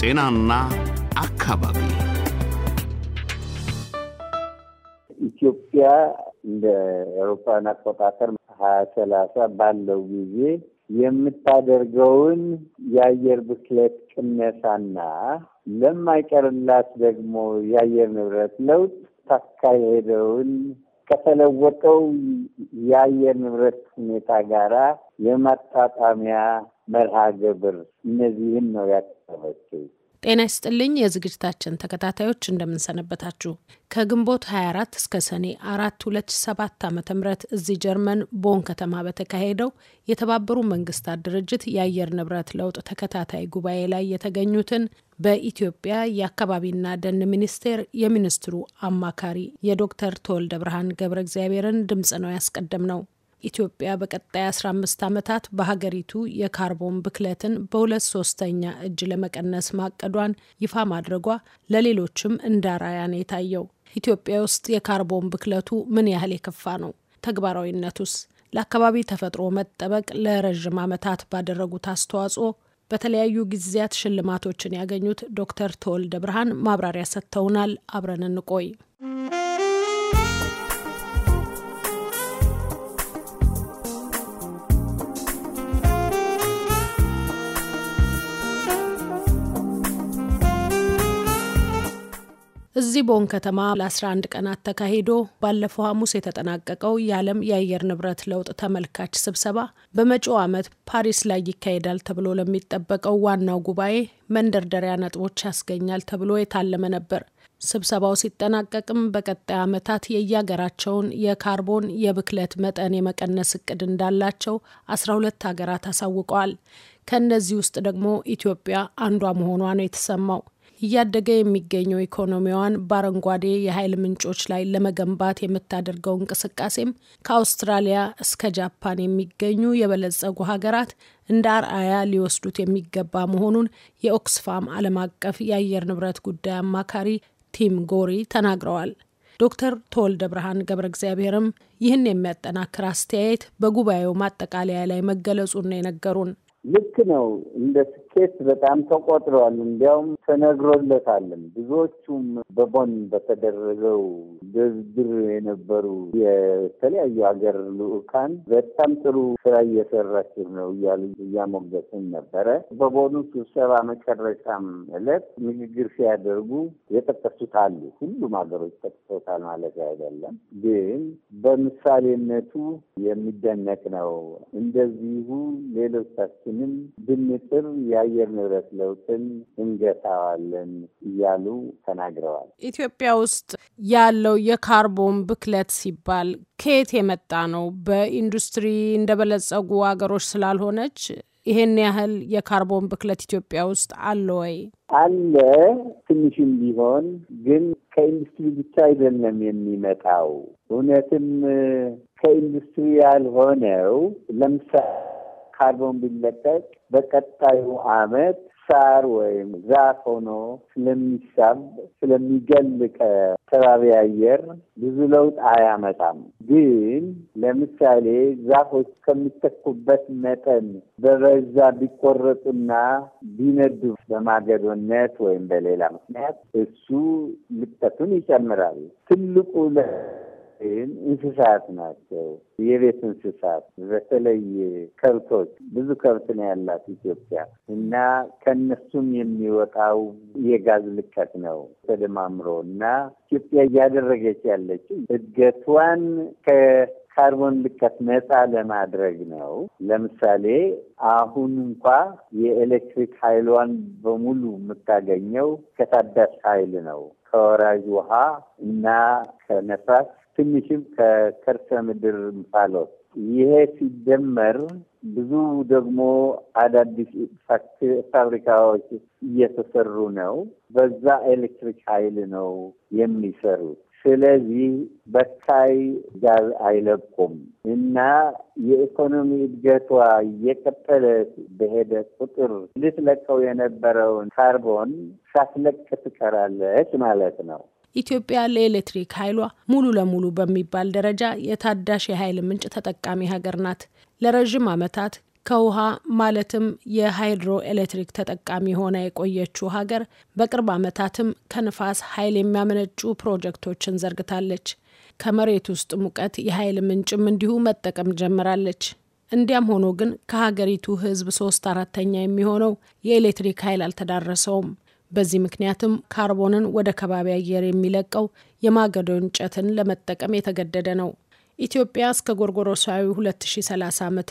ጤናና አካባቢ ኢትዮጵያ እንደ አውሮፓውያን አቆጣጠር ሀያ ሰላሳ ባለው ጊዜ የምታደርገውን የአየር ብክለት ቅነሳና ለማይቀርላት ደግሞ የአየር ንብረት ለውጥ ታካሄደውን ከተለወጠው የአየር ንብረት ሁኔታ ጋራ የማጣጣሚያ መርሃ ግብር እነዚህን ነው ያቀረበችው። ጤና ይስጥልኝ የዝግጅታችን ተከታታዮች እንደምንሰነበታችሁ። ከግንቦት 24 እስከ ሰኔ 4 2007 ዓ ም እዚህ ጀርመን ቦን ከተማ በተካሄደው የተባበሩ መንግስታት ድርጅት የአየር ንብረት ለውጥ ተከታታይ ጉባኤ ላይ የተገኙትን በኢትዮጵያ የአካባቢና ደን ሚኒስቴር የሚኒስትሩ አማካሪ የዶክተር ተወልደ ብርሃን ገብረ እግዚአብሔርን ድምፅ ነው ያስቀደም ነው። ኢትዮጵያ በቀጣይ 15 ዓመታት በሀገሪቱ የካርቦን ብክለትን በሁለት ሶስተኛ እጅ ለመቀነስ ማቀዷን ይፋ ማድረጓ ለሌሎችም እንዳራያን የታየው። ኢትዮጵያ ውስጥ የካርቦን ብክለቱ ምን ያህል የከፋ ነው? ተግባራዊነቱስ? ለአካባቢ ተፈጥሮ መጠበቅ ለረዥም ዓመታት ባደረጉት አስተዋጽኦ በተለያዩ ጊዜያት ሽልማቶችን ያገኙት ዶክተር ተወልደ ብርሃን ማብራሪያ ሰጥተውናል። አብረን እንቆይ። እዚህ ቦን ከተማ ለ11 ቀናት ተካሂዶ ባለፈው ሐሙስ የተጠናቀቀው የዓለም የአየር ንብረት ለውጥ ተመልካች ስብሰባ በመጪው ዓመት ፓሪስ ላይ ይካሄዳል ተብሎ ለሚጠበቀው ዋናው ጉባኤ መንደርደሪያ ነጥቦች ያስገኛል ተብሎ የታለመ ነበር። ስብሰባው ሲጠናቀቅም በቀጣይ ዓመታት የየሀገራቸውን የካርቦን የብክለት መጠን የመቀነስ እቅድ እንዳላቸው 12 ሀገራት አሳውቀዋል። ከእነዚህ ውስጥ ደግሞ ኢትዮጵያ አንዷ መሆኗ ነው የተሰማው። እያደገ የሚገኘው ኢኮኖሚዋን በአረንጓዴ የኃይል ምንጮች ላይ ለመገንባት የምታደርገው እንቅስቃሴም ከአውስትራሊያ እስከ ጃፓን የሚገኙ የበለጸጉ ሀገራት እንደ አርአያ ሊወስዱት የሚገባ መሆኑን የኦክስፋም ዓለም አቀፍ የአየር ንብረት ጉዳይ አማካሪ ቲም ጎሪ ተናግረዋል። ዶክተር ተወልደ ብርሃን ገብረ እግዚአብሔርም ይህን የሚያጠናክር አስተያየት በጉባኤው ማጠቃለያ ላይ መገለጹን ነው የነገሩን። ልክ ነው። እንደ ስኬት በጣም ተቆጥረዋል። እንዲያውም ተነግሮለታለን። ብዙዎቹም በቦን በተደረገው ድርድር የነበሩ የተለያዩ ሀገር ልኡካን በጣም ጥሩ ስራ እየሰራችሁ ነው እያሉ እያሞገስን ነበረ። በቦኑ ስብሰባ መጨረሻም እለት ንግግር ሲያደርጉ የጠቀሱት አሉ። ሁሉም ሀገሮች ጠቅሶታል ማለት አይደለም፣ ግን በምሳሌነቱ የሚደነቅ ነው። እንደዚሁ ሌሎቻቸው ችግራችንም ብንጥር የአየር ንብረት ለውጥን እንገታዋለን እያሉ ተናግረዋል። ኢትዮጵያ ውስጥ ያለው የካርቦን ብክለት ሲባል ከየት የመጣ ነው? በኢንዱስትሪ እንደበለጸጉ ሀገሮች ስላልሆነች ይሄን ያህል የካርቦን ብክለት ኢትዮጵያ ውስጥ አለ ወይ? አለ ትንሽም ቢሆን ግን ከኢንዱስትሪ ብቻ አይደለም የሚመጣው። እውነትም ከኢንዱስትሪ ያልሆነው ለምሳሌ ካርቦን ቢለቀቅ በቀጣዩ አመት ሳር ወይም ዛፍ ሆኖ ስለሚሳብ ስለሚገልቀ ከባቢ አየር ብዙ ለውጥ አያመጣም። ግን ለምሳሌ ዛፎች ከሚተኩበት መጠን በበዛ ቢቆረጡና ቢነዱ በማገዶነት ወይም በሌላ ምክንያት እሱ ልጠቱን ይጨምራል። ትልቁ ግን እንስሳት ናቸው። የቤት እንስሳት በተለይ ከብቶች፣ ብዙ ከብት ነው ያላት ኢትዮጵያ እና ከነሱም የሚወጣው የጋዝ ልቀት ነው ተደማምሮ እና ኢትዮጵያ እያደረገች ያለችው እድገቷን ካርቦን ልቀት ነፃ ለማድረግ ነው። ለምሳሌ አሁን እንኳ የኤሌክትሪክ ኃይሏን በሙሉ የምታገኘው ከታዳሽ ኃይል ነው፣ ከወራጅ ውሃ እና ከነፋስ ትንሽም ከከርሰ ምድር እንፋሎት ይሄ ሲደመር ብዙ ደግሞ አዳዲስ ፋብሪካዎች እየተሰሩ ነው። በዛ ኤሌክትሪክ ኃይል ነው የሚሰሩት። ስለዚህ በካይ ጋዝ አይለቁም እና የኢኮኖሚ እድገቷ እየቀጠለ በሄደ ቁጥር ልትለቀው የነበረውን ካርቦን ሳትለቅ ትቀራለች ማለት ነው። ኢትዮጵያ ለኤሌክትሪክ ኃይሏ ሙሉ ለሙሉ በሚባል ደረጃ የታዳሽ የኃይል ምንጭ ተጠቃሚ ሀገር ናት። ለረዥም ዓመታት ከውሃ ማለትም የሃይድሮ ኤሌክትሪክ ተጠቃሚ ሆና የቆየችው ሀገር በቅርብ ዓመታትም ከንፋስ ኃይል የሚያመነጩ ፕሮጀክቶችን ዘርግታለች። ከመሬት ውስጥ ሙቀት የኃይል ምንጭም እንዲሁ መጠቀም ጀምራለች። እንዲያም ሆኖ ግን ከሀገሪቱ ሕዝብ ሶስት አራተኛ የሚሆነው የኤሌክትሪክ ኃይል አልተዳረሰውም። በዚህ ምክንያትም ካርቦንን ወደ ከባቢ አየር የሚለቀው የማገዶ እንጨትን ለመጠቀም የተገደደ ነው። ኢትዮጵያ እስከ ጎርጎሮሳዊ 2030 ዓ ም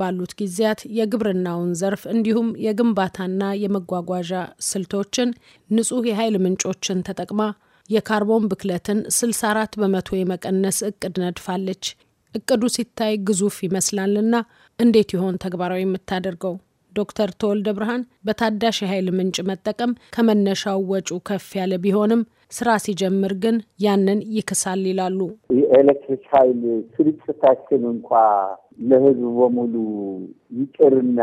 ባሉት ጊዜያት የግብርናውን ዘርፍ እንዲሁም የግንባታና የመጓጓዣ ስልቶችን ንጹህ የኃይል ምንጮችን ተጠቅማ የካርቦን ብክለትን 64 በመቶ የመቀነስ እቅድ ነድፋለች። እቅዱ ሲታይ ግዙፍ ይመስላልና እንዴት ይሆን ተግባራዊ የምታደርገው? ዶክተር ተወልደ ብርሃን በታዳሽ የኃይል ምንጭ መጠቀም ከመነሻው ወጪው ከፍ ያለ ቢሆንም ስራ ሲጀምር ግን ያንን ይክሳል ይላሉ። የኤሌክትሪክ ኃይል ስርጭታችን እንኳ ለህዝብ በሙሉ ይቅርና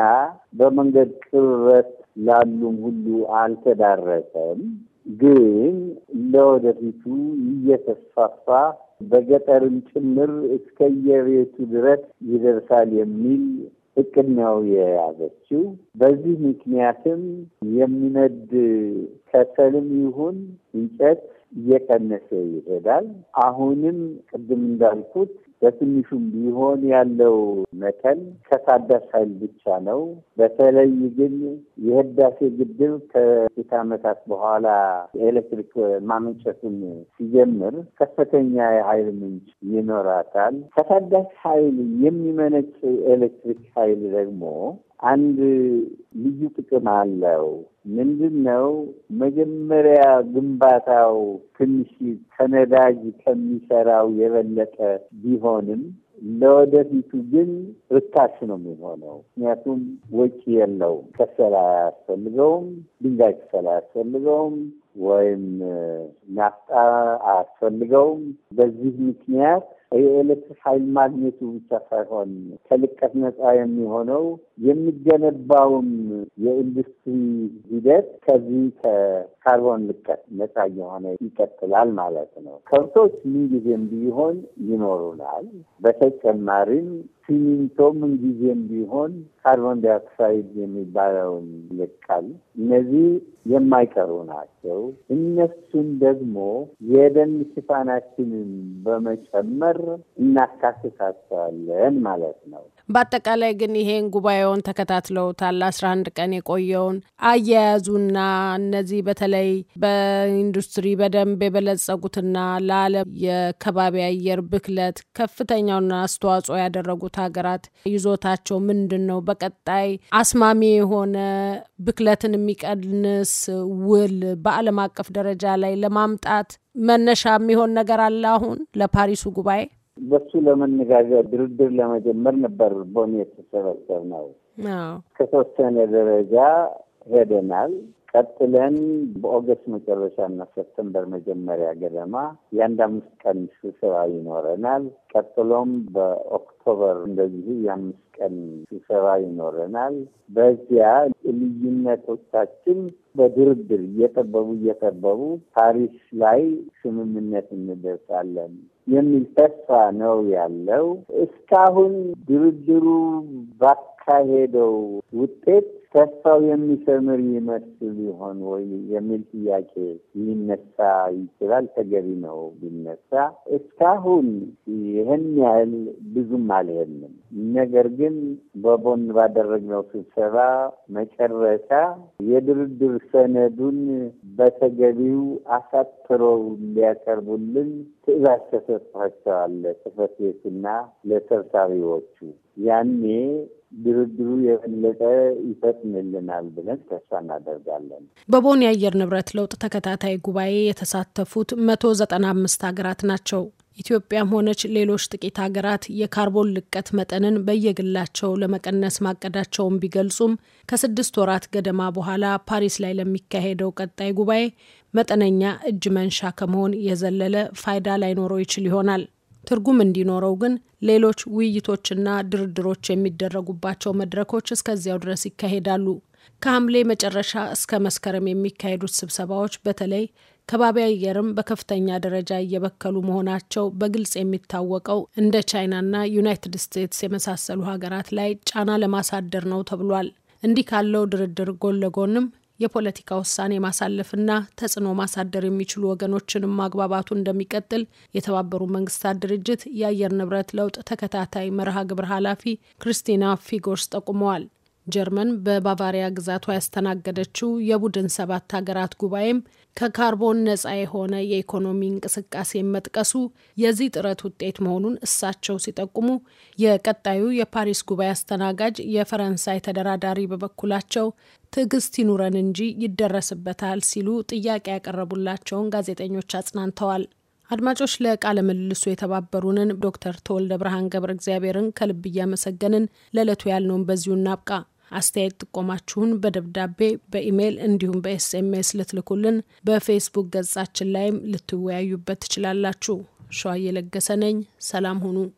በመንገድ ቅርበት ላሉም ሁሉ አልተዳረሰም። ግን ለወደፊቱ እየተስፋፋ በገጠርም ጭምር እስከየቤቱ ድረስ ይደርሳል የሚል እቅድ ነው የያዘችው። በዚህ ምክንያትም የሚነድ ከሰልም ይሁን እንጨት እየቀነሰ ይሄዳል። አሁንም ቅድም እንዳልኩት በትንሹም ቢሆን ያለው መጠን ከታዳሽ ኃይል ብቻ ነው። በተለይ ግን የህዳሴ ግድብ ከፊት ዓመታት በኋላ የኤሌክትሪክ ማመንጨቱን ሲጀምር ከፍተኛ የኃይል ምንጭ ይኖራታል። ከታዳሽ ኃይል የሚመነጭ ኤሌክትሪክ ኃይል ደግሞ አንድ ልዩ ጥቅም አለው። ምንድን ነው? መጀመሪያ ግንባታው ትንሽ ተነዳጅ ከሚሰራው የበለጠ ቢሆንም ለወደፊቱ ግን ርካሽ ነው የሚሆነው። ምክንያቱም ወጪ የለውም፣ ከሰል አያስፈልገውም፣ ድንጋይ ከሰል አያስፈልገውም፣ ወይም ናፍጣ አያስፈልገውም። በዚህ ምክንያት የኤሌክትሪክ ኃይል ማግኘቱ ብቻ ሳይሆን ከልቀት ነፃ የሚሆነው የሚገነባውም የኢንዱስትሪ ሂደት ከዚህ ከካርቦን ልቀት ነፃ እየሆነ ይቀጥላል ማለት ነው። ከብቶች ምንጊዜም ቢሆን ይኖሩናል። በተጨማሪም ሲሚንቶ ምንጊዜም ቢሆን ካርቦን ዳይኦክሳይድ የሚባለውን ይለቃል። እነዚህ የማይቀሩ ናቸው። ናቸው። እነሱን ደግሞ የደን ሽፋናችንን በመጨመር እናካትታቸዋለን ማለት ነው። በአጠቃላይ ግን ይሄን ጉባኤውን ተከታትለውታል። አስራ አንድ ቀን የቆየውን አያያዙና እነዚህ በተለይ በኢንዱስትሪ በደንብ የበለጸጉትና ለዓለም የከባቢ አየር ብክለት ከፍተኛውን አስተዋጽኦ ያደረጉት ሀገራት ይዞታቸው ምንድን ነው? በቀጣይ አስማሚ የሆነ ብክለትን የሚቀንስ ውል በዓለም አቀፍ ደረጃ ላይ ለማምጣት መነሻ የሚሆን ነገር አለ አሁን ለፓሪሱ ጉባኤ በሱ ለመነጋገር ድርድር ለመጀመር ነበር ቦን የተሰበሰብ ነው። ከተወሰነ ደረጃ ሄደናል። ቀጥለን በኦገስት መጨረሻ እና ሰፕተምበር መጀመሪያ ገደማ የአንድ አምስት ቀን ስብሰባ ይኖረናል። ቀጥሎም በኦክቶበር እንደዚሁ የአምስት ቀን ስብሰባ ይኖረናል። በዚያ ልዩነቶቻችን በድርድር እየጠበቡ እየጠበቡ ፓሪስ ላይ ስምምነት እንደርሳለን የሚል ተስፋ ነው ያለው። እስካሁን ድርድሩ ባካሄደው ውጤት ተስፋው የሚሰምር ይመስል ይሆን ወይ የሚል ጥያቄ ሊነሳ ይችላል። ተገቢ ነው ቢነሳ። እስካሁን ይህን ያህል ብዙም አልሄድንም። ነገር ግን በቦን ባደረግነው ስብሰባ መጨረሻ የድርድር ሰነዱን በተገቢው አሳትረው ሊያቀርቡልን ትዕዛዝ ተሰጥቷቸዋል፣ ጽሕፈት ቤትና ለሰብሳቢዎቹ ያኔ ድርድሩ የበለጠ ይፈጥንልናል ብለን ተስፋ እናደርጋለን። በቦን የአየር ንብረት ለውጥ ተከታታይ ጉባኤ የተሳተፉት መቶ ዘጠና አምስት ሀገራት ናቸው። ኢትዮጵያም ሆነች ሌሎች ጥቂት ሀገራት የካርቦን ልቀት መጠንን በየግላቸው ለመቀነስ ማቀዳቸውን ቢገልጹም ከስድስት ወራት ገደማ በኋላ ፓሪስ ላይ ለሚካሄደው ቀጣይ ጉባኤ መጠነኛ እጅ መንሻ ከመሆን የዘለለ ፋይዳ ላይኖረው ይችል ይሆናል። ትርጉም እንዲኖረው ግን ሌሎች ውይይቶችና ድርድሮች የሚደረጉባቸው መድረኮች እስከዚያው ድረስ ይካሄዳሉ። ከሐምሌ መጨረሻ እስከ መስከረም የሚካሄዱት ስብሰባዎች በተለይ ከባቢ አየርም በከፍተኛ ደረጃ እየበከሉ መሆናቸው በግልጽ የሚታወቀው እንደ ቻይናና ዩናይትድ ስቴትስ የመሳሰሉ ሀገራት ላይ ጫና ለማሳደር ነው ተብሏል። እንዲህ ካለው ድርድር ጎን ለጎንም የፖለቲካ ውሳኔ ማሳለፍና ተጽዕኖ ማሳደር የሚችሉ ወገኖችንም ማግባባቱ እንደሚቀጥል የተባበሩ መንግስታት ድርጅት የአየር ንብረት ለውጥ ተከታታይ መርሃ ግብር ኃላፊ ክርስቲና ፊጎርስ ጠቁመዋል። ጀርመን በባቫሪያ ግዛቷ ያስተናገደችው የቡድን ሰባት ሀገራት ጉባኤም ከካርቦን ነጻ የሆነ የኢኮኖሚ እንቅስቃሴ መጥቀሱ የዚህ ጥረት ውጤት መሆኑን እሳቸው ሲጠቁሙ፣ የቀጣዩ የፓሪስ ጉባኤ አስተናጋጅ የፈረንሳይ ተደራዳሪ በበኩላቸው ትዕግስት ይኑረን እንጂ ይደረስበታል ሲሉ ጥያቄ ያቀረቡላቸውን ጋዜጠኞች አጽናንተዋል። አድማጮች ለቃለ ምልልሱ የተባበሩንን ዶክተር ተወልደ ብርሃን ገብረ እግዚአብሔርን ከልብ እያመሰገንን ለዕለቱ ያልነውን በዚሁ እናብቃ። አስተያየት ጥቆማችሁን በደብዳቤ በኢሜይል እንዲሁም በኤስኤምኤስ ልትልኩልን፣ በፌስቡክ ገጻችን ላይም ልትወያዩበት ትችላላችሁ። ሸዋ እየለገሰ ነኝ። ሰላም ሁኑ።